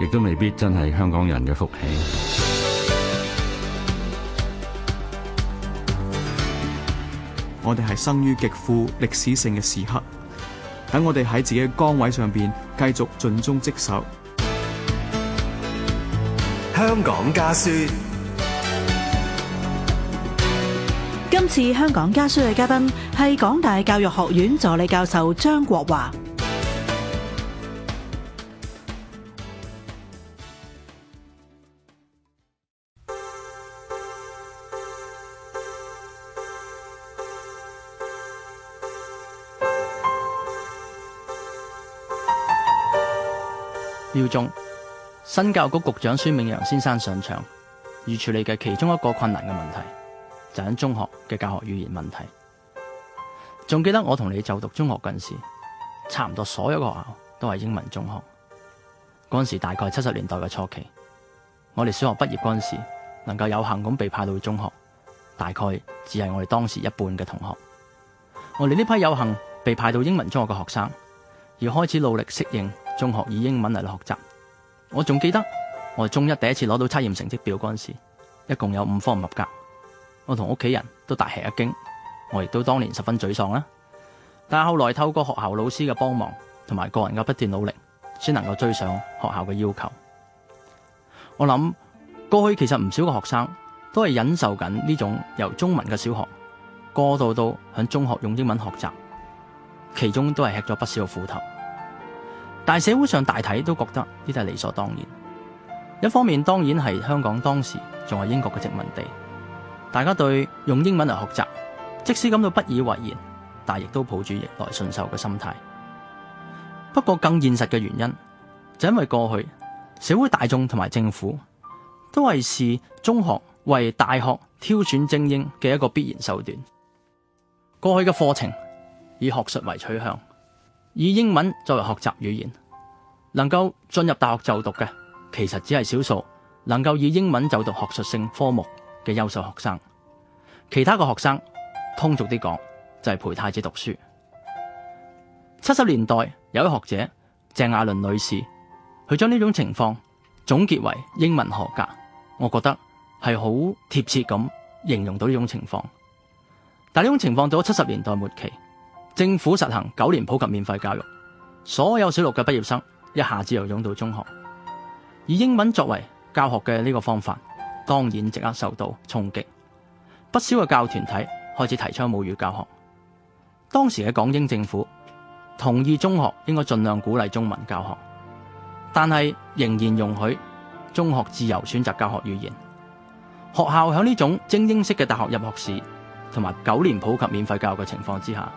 亦都未必真係香港人嘅福氣。我哋係生於極富歷史性嘅時刻，等我哋喺自己嘅崗位上邊繼續盡忠職守。香港家書。今次香港家書嘅嘉賓係港大教育學院助理教授張國華。當中，新教育局局長孫明揚先生上場，要處理嘅其中一個困難嘅問題，就係中學嘅教學語言問題。仲記得我同你就讀中學嗰陣時，差唔多所有學校都係英文中學。嗰陣時大概七十年代嘅初期，我哋小學畢業嗰陣時，能夠有幸咁被派到中學，大概只係我哋當時一半嘅同學。我哋呢批有幸被派到英文中學嘅學生，要開始努力適應。中學以英文嚟學習，我仲記得我中一第一次攞到測驗成績表嗰陣時，一共有五科唔合格，我同屋企人都大吃一驚，我亦都當年十分沮喪啦。但係後來透過學校老師嘅幫忙，同埋個人嘅不斷努力，先能夠追上學校嘅要求。我諗過去其實唔少嘅學生都係忍受緊呢種由中文嘅小學過渡到響中學用英文學習，其中都係吃咗不少苦頭。但社會上大體都覺得呢啲係理所當然。一方面當然係香港當時仲係英國嘅殖民地，大家對用英文嚟學習，即使感到不以為然，但亦都抱住逆來順受嘅心態。不過更現實嘅原因，就因為過去社會大眾同埋政府都係視中學為大學挑選精英嘅一個必然手段。過去嘅課程以學術為取向。以英文作為學習語言，能夠進入大學就讀嘅，其實只係少數。能夠以英文就讀學術性科目嘅優秀學生，其他嘅學生，通俗啲講，就係陪太子讀書。七十年代，有位學者鄭雅倫女士，佢將呢種情況總結為英文學格，我覺得係好貼切咁形容到呢種情況。但呢種情況到咗七十年代末期。政府實行九年普及免費教育，所有小六嘅畢業生一下子又湧到中學，以英文作為教學嘅呢個方法，當然即刻受到衝擊。不少嘅教育團體開始提倡母語教學。當時嘅港英政府同意中學應該盡量鼓勵中文教學，但係仍然容許中學自由選擇教學語言。學校響呢種精英式嘅大學入學試，同埋九年普及免費教育嘅情況之下。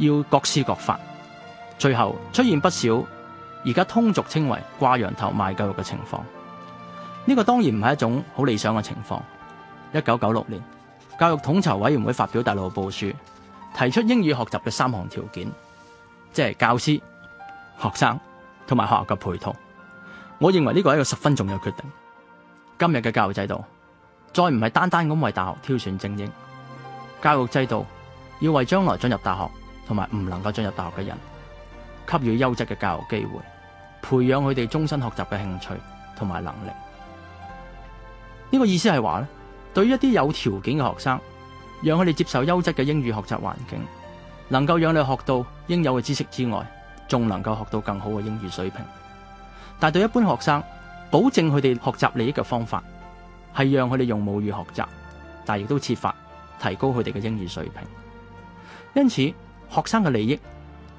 要各施各法，最後出現不少而家通俗稱為掛羊頭賣教育嘅情況。呢個當然唔係一種好理想嘅情況。一九九六年，教育統籌委員會發表大陸報書，提出英語學習嘅三項條件，即係教師、學生同埋學校嘅配套。我認為呢個係一個十分重要決定。今日嘅教育制度，再唔係單單咁為大學挑選精英，教育制度要為將來進入大學。同埋唔能夠進入大學嘅人，給予優質嘅教育機會，培養佢哋終身學習嘅興趣同埋能力。呢個意思係話咧，對於一啲有條件嘅學生，讓佢哋接受優質嘅英語學習環境，能夠讓佢哋學到應有嘅知識之外，仲能夠學到更好嘅英語水平。但係對一般學生，保證佢哋學習利益嘅方法係讓佢哋用母語學習，但亦都設法提高佢哋嘅英語水平。因此，學生嘅利益，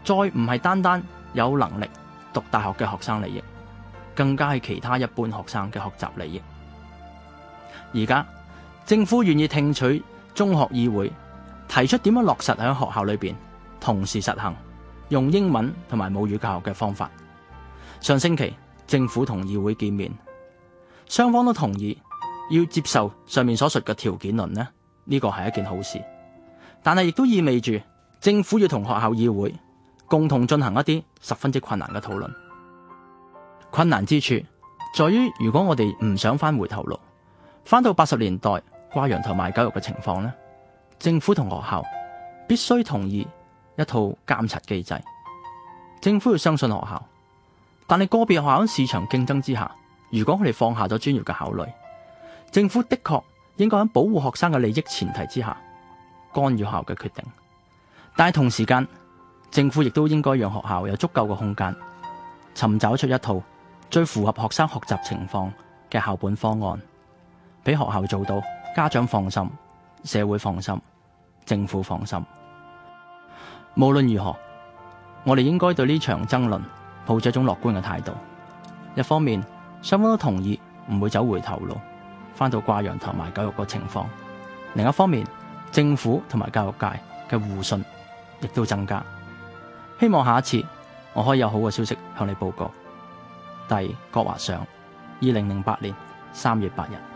再唔係單單有能力讀大學嘅學生利益，更加係其他一般學生嘅學習利益。而家政府願意聽取中學議會提出點樣落實喺學校裏邊，同時實行用英文同埋母語教學嘅方法。上星期政府同議會見面，雙方都同意要接受上面所述嘅條件論。呢呢個係一件好事，但係亦都意味住。政府要同學校議會共同進行一啲十分之困難嘅討論。困難之處在於，如果我哋唔想翻回頭路，翻到八十年代掛羊頭賣狗肉嘅情況呢，政府同學校必須同意一套監察機制。政府要相信學校，但係個別學校喺市場競爭之下，如果佢哋放下咗專業嘅考慮，政府的確應該喺保護學生嘅利益前提之下，干預學校嘅決定。但同時間政府亦都應該讓學校有足夠嘅空間，尋找出一套最符合學生學習情況嘅校本方案，俾學校做到家長放心、社會放心、政府放心。無論如何，我哋應該對呢場爭論抱住一種樂觀嘅態度。一方面，雙方都同意唔會走回頭路，翻到掛羊頭埋教育嘅情況；另一方面，政府同埋教育界嘅互信。亦都增加，希望下一次我可以有好嘅消息向你報告。弟國華上，二零零八年三月八日。